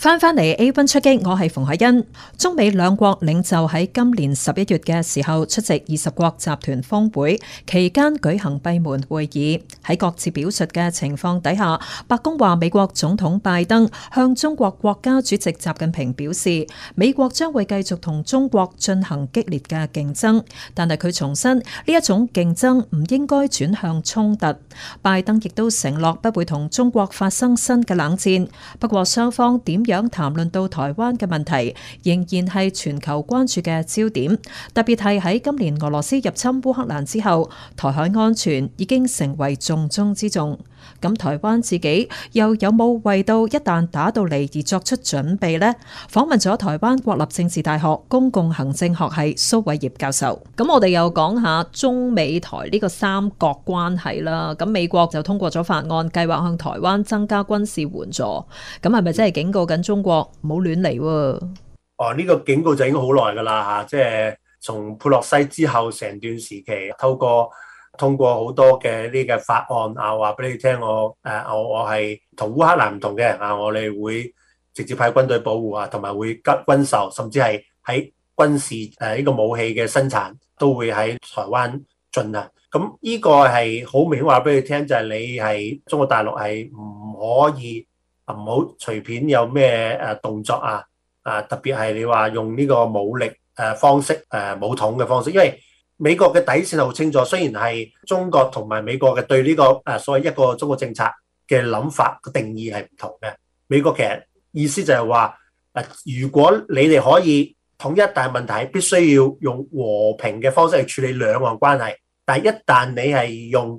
翻返嚟 A 班出擊，我係馮海欣。中美兩國領袖喺今年十一月嘅時候出席二十國集團峰會，期間舉行閉門會議。喺各自表述嘅情況底下，白宮話美國總統拜登向中國國家主席習近平表示，美國將會繼續同中國進行激烈嘅競爭，但係佢重申呢一種競爭唔應該轉向衝突。拜登亦都承諾不會同中國發生新嘅冷戰。不過雙方點想談論到台灣嘅問題，仍然係全球關注嘅焦點。特別係喺今年俄羅斯入侵烏克蘭之後，台海安全已經成為重中之重。咁台灣自己又有冇為到一旦打到嚟而作出準備呢？訪問咗台灣國立政治大學公共行政學系蘇偉業教授。咁我哋又講下中美台呢個三國關係啦。咁美國就通過咗法案，計劃向台灣增加軍事援助。咁係咪真係警告緊中國唔好亂嚟？啊、哦、呢、這個警告就已經好耐噶啦吓，即係從佩洛西之後成段時期透過，通過好多嘅呢個法案啊，話俾你聽，我誒我我係同烏克蘭唔同嘅人啊，我哋會直接派軍隊保護啊，同埋會軍軍售，甚至係喺軍事誒呢個武器嘅生產都會喺台灣進行。咁呢個係好明顯，話俾你聽，就係你係中國大陸係唔可以啊，唔好隨便有咩誒動作啊啊，特別係你話用呢個武力誒方式誒武統嘅方式，因為美國嘅底線好清楚，雖然係中國同埋美國嘅對呢、呢個誒、呃、所謂一個中國政策嘅諗法嘅定義係唔同嘅。美國其實意思就係話、呃，如果你哋可以統一,一，但係問題必須要用和平嘅方式去處理兩岸關係。但係一旦你係用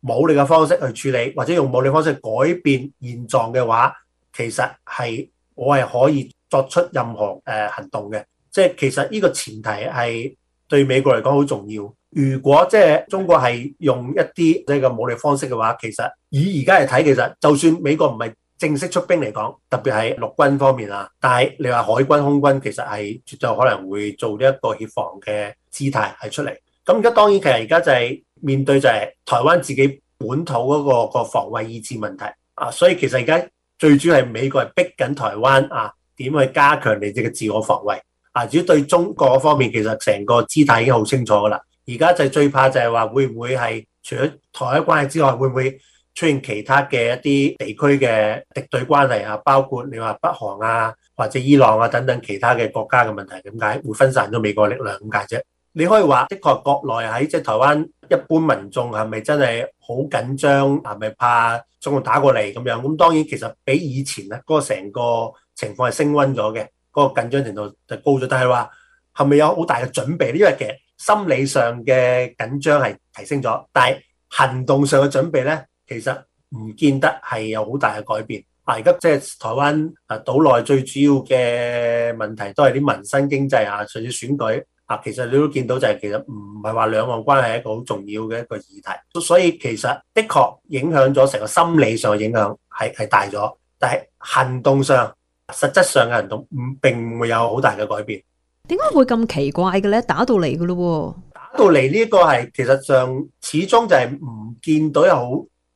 武力嘅方式去處理，或者用武力方式改變現狀嘅話，其實係我係可以作出任何誒、呃、行動嘅。即、就、係、是、其實呢個前提係。對美國嚟講好重要。如果即係中國係用一啲即係個武力方式嘅話，其實以而家嚟睇，其實就算美國唔係正式出兵嚟講，特別係陸軍方面啊，但係你話海軍、空軍其實係絕對可能會做呢一個協防嘅姿態係出嚟。咁而家當然其實而家就係面對就係台灣自己本土嗰個個防衛意志問題啊，所以其實而家最主要係美國係逼緊台灣啊，點去加強你哋嘅自我防衛。啊！至於對中國方面，其實成個姿態已經好清楚噶啦。而家就最怕就係話會唔會係除咗台灣關係之外，會唔會出現其他嘅一啲地區嘅敵對關係啊？包括你話北韓啊，或者伊朗啊等等其他嘅國家嘅問題點解會分散咗美國力量咁解啫？你可以話的確國內喺即係台灣一般民眾係咪真係好緊張？係咪怕中共打過嚟咁樣？咁當然其實比以前啊，嗰個成個情況係升溫咗嘅。嗰個緊張程度就高咗，但係話係咪有好大嘅準備？因為其實心理上嘅緊張係提升咗，但係行動上嘅準備咧，其實唔見得係有好大嘅改變。啊，而家即係台灣啊島內最主要嘅問題都係啲民生經濟啊，甚至選舉啊，其實你都見到就係其實唔係話兩岸關係係一個好重要嘅一個議題，所以其實的確影響咗成個心理上嘅影響係係大咗，但係行動上，實質上嘅行動唔並唔會有好大嘅改變，點解會咁奇怪嘅咧？打到嚟嘅咯喎，打到嚟呢個係其實上始終就係唔見到有好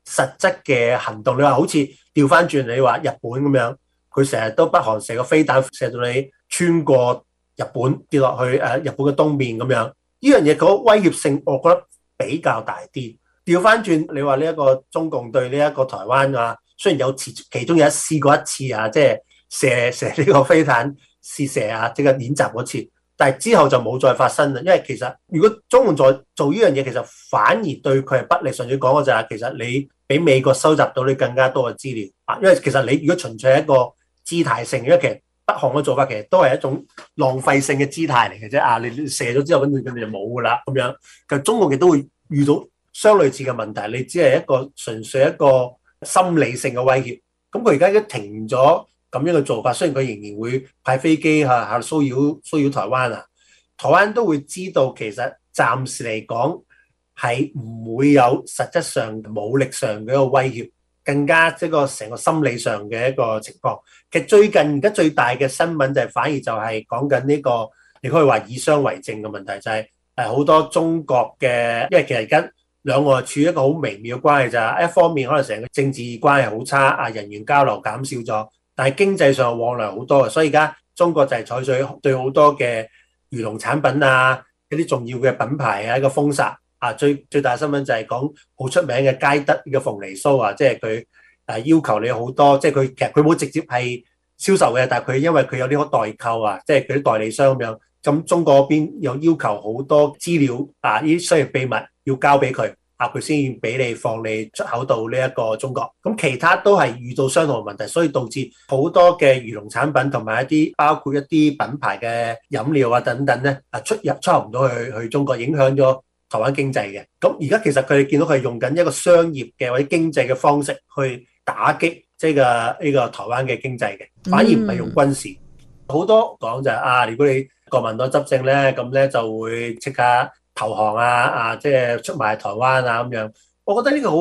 實質嘅行動。你話好似調翻轉你話日本咁樣，佢成日都北韓射個飛彈射到你穿過日本跌落去誒、啊、日本嘅東面咁樣，呢樣嘢嗰威脅性我覺得比較大啲。調翻轉你話呢一個中共對呢一個台灣啊，雖然有其中有一試過一次啊，即係。射射呢個飛彈試射啊，即刻演習嗰次，但係之後就冇再發生啦。因為其實如果中國在做呢樣嘢，其實反而對佢係不利。純粹講嗰就係、是，其實你俾美國收集到你更加多嘅資料啊。因為其實你如果純粹係一個姿態性，因為其實北韓嘅做法其實都係一種浪費性嘅姿態嚟嘅啫。啊，你射咗之後跟住佢就冇噶啦，咁樣。其實中國亦都會遇到相類似嘅問題。你只係一個純粹一個心理性嘅威脅。咁佢而家已經停咗。咁樣嘅做法，雖然佢仍然會派飛機嚇下騷擾騷擾台灣啊，台灣都會知道，其實暫時嚟講係唔會有實質上武力上嘅一個威脅，更加即個成個心理上嘅一個情況。其實最近而家最大嘅新聞就係反而就係講緊呢個，你可以話以商為政嘅問題，就係誒好多中國嘅，因為其實而家兩岸處一個好微妙嘅關係咋，一方面可能成個政治關係好差，啊人員交流減少咗。但係經濟上往來好多啊，所以而家中國就係採取對好多嘅漁農產品啊，一啲重要嘅品牌啊一個封殺啊，最最大新聞就係講好出名嘅佳德嘅鳳梨酥啊，即係佢誒要求你好多，即係佢其實佢冇直接係銷售嘅，但係佢因為佢有呢個代購啊，即係佢啲代理商咁樣，咁中國嗰邊又要求好多資料啊，呢啲商業秘密要交俾佢。啊！佢先要俾你放你出口到呢一個中國，咁其他都係遇到相同問題，所以導致好多嘅魚農產品同埋一啲包括一啲品牌嘅飲料啊等等咧啊出入出唔到去去中國，影響咗台灣經濟嘅。咁而家其實佢哋見到佢係用緊一個商業嘅或者經濟嘅方式去打擊即係個呢個台灣嘅經濟嘅，反而唔係用軍事。好、mm hmm. 多講就係、是、啊，如果你國民黨執政咧，咁咧就會即刻。投降啊！啊，即係出賣台灣啊咁樣，我覺得呢個好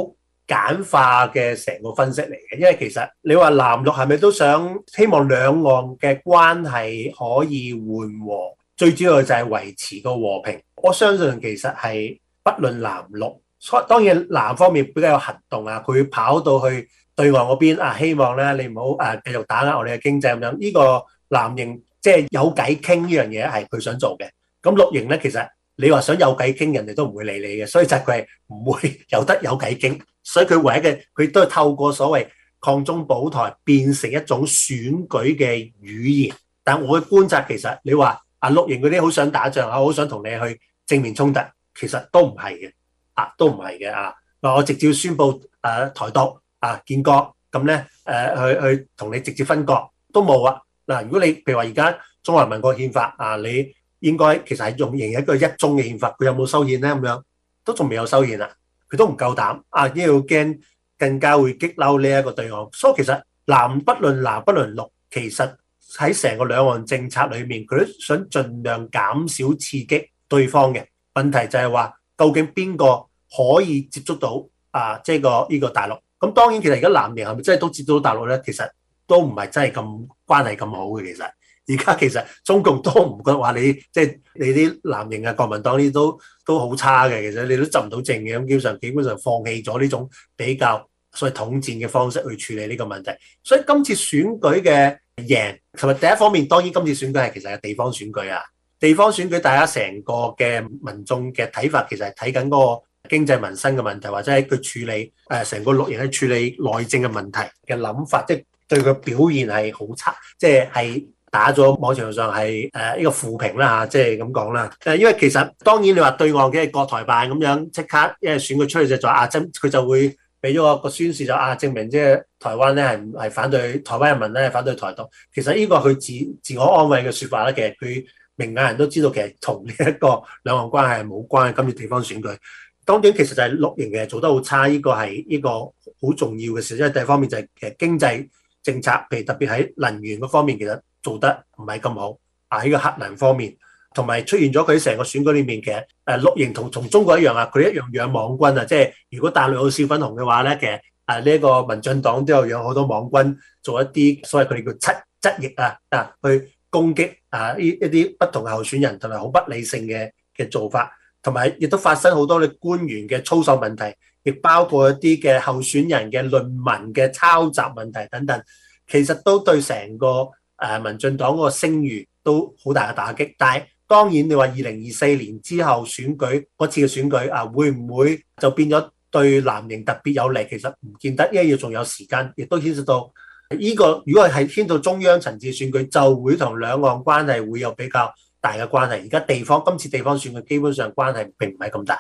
簡化嘅成個分析嚟嘅，因為其實你話藍綠係咪都想希望兩岸嘅關係可以緩和？最主要就係維持個和平。我相信其實係不論藍綠，當然藍方面比較有行動啊，佢跑到去對岸嗰邊啊，希望咧你唔好誒繼續打壓我哋嘅經濟咁樣。呢個藍營即係有偈傾呢樣嘢係佢想做嘅，咁綠營咧其實。你話想有偈傾，人哋都唔會理你嘅，所以就佢唔會有得有偈傾，所以佢唯一嘅佢都係透過所謂抗中保台，變成一種選舉嘅語言。但我嘅觀察，其實你話啊綠營嗰啲好想打仗啊，好想同你去正面衝突，其實都唔係嘅啊，都唔係嘅啊。嗱，我直接宣布啊台獨啊建國，咁咧誒去去同你直接分割都冇啊。嗱，如果你譬如話而家中華民國憲法啊，你。應該其實係用型一個一宗嘅憲法，佢有冇修憲咧？咁樣都仲未有修憲啦，佢都唔夠膽啊，因為驚更加會激嬲呢一個對岸。所以其實藍不論藍不論綠，其實喺成個兩岸政策裏面，佢都想盡量減少刺激對方嘅問題就，就係話究竟邊個可以接觸到啊？即、就、係、是這個呢、這個大陸。咁、啊、當然其實而家藍營係咪真係都接觸到大陸咧？其實都唔係真係咁關係咁好嘅，其實。而家其實中共都唔覺得話你，即係你啲藍營啊、國民黨呢都都好差嘅。其實你都執唔到政嘅，咁基本上基本上放棄咗呢種比較所謂統戰嘅方式去處理呢個問題。所以今次選舉嘅贏，同埋第一方面當然今次選舉係其實係地方選舉啊。地方選舉大家成個嘅民眾嘅睇法其實係睇緊嗰個經濟民生嘅問題，或者係佢處理誒成個綠營喺處理內政嘅問題嘅諗法，即係對佢表現係好差，即係係。打咗網上上係誒呢個負評啦嚇，即係咁講啦。誒，因為其實當然你話對岸嘅國台辦咁樣即刻，因為選舉出去就做阿、啊、真，佢就會俾咗個宣示就啊，證明即係台灣咧係係反對台灣人民咧反對台獨。其實呢個佢自自我安慰嘅説法啦，其實佢明眼人都知道，其實同呢一個兩岸關係冇關嘅。今次地方選舉，當然其實就係綠營嘅做得好差，呢、這個係呢個好重要嘅事。因為第一方面就係其實經濟政策，譬如特別喺能源嗰方面，其實。做得唔係咁好啊！喺個核能方面，同埋出現咗佢成個選舉裏面嘅，誒綠營同同中國一樣啊，佢一樣養網軍啊！即係如果大陸有小粉紅嘅話咧，其實啊呢一、呢個民進黨都有養好多網軍做一啲所謂佢哋叫側側翼啊啊去攻擊啊呢一啲不同嘅候選人，同埋好不理性嘅嘅做法，同埋亦都發生好多嘅官員嘅操守問題，亦包括一啲嘅候選人嘅論文嘅抄襲問題等等，其實都對成個。誒民進黨個聲譽都好大嘅打擊，但係當然你話二零二四年之後選舉嗰次嘅選舉啊，會唔會就變咗對藍營特別有利？其實唔見得，因為要仲有時間，亦都牽涉到呢個。如果係牽到中央層次選舉，就會同兩岸關係會有比較大嘅關係。而家地方今次地方選舉基本上關係並唔係咁大。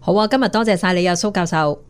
好啊，今日多謝晒你啊，蘇教授。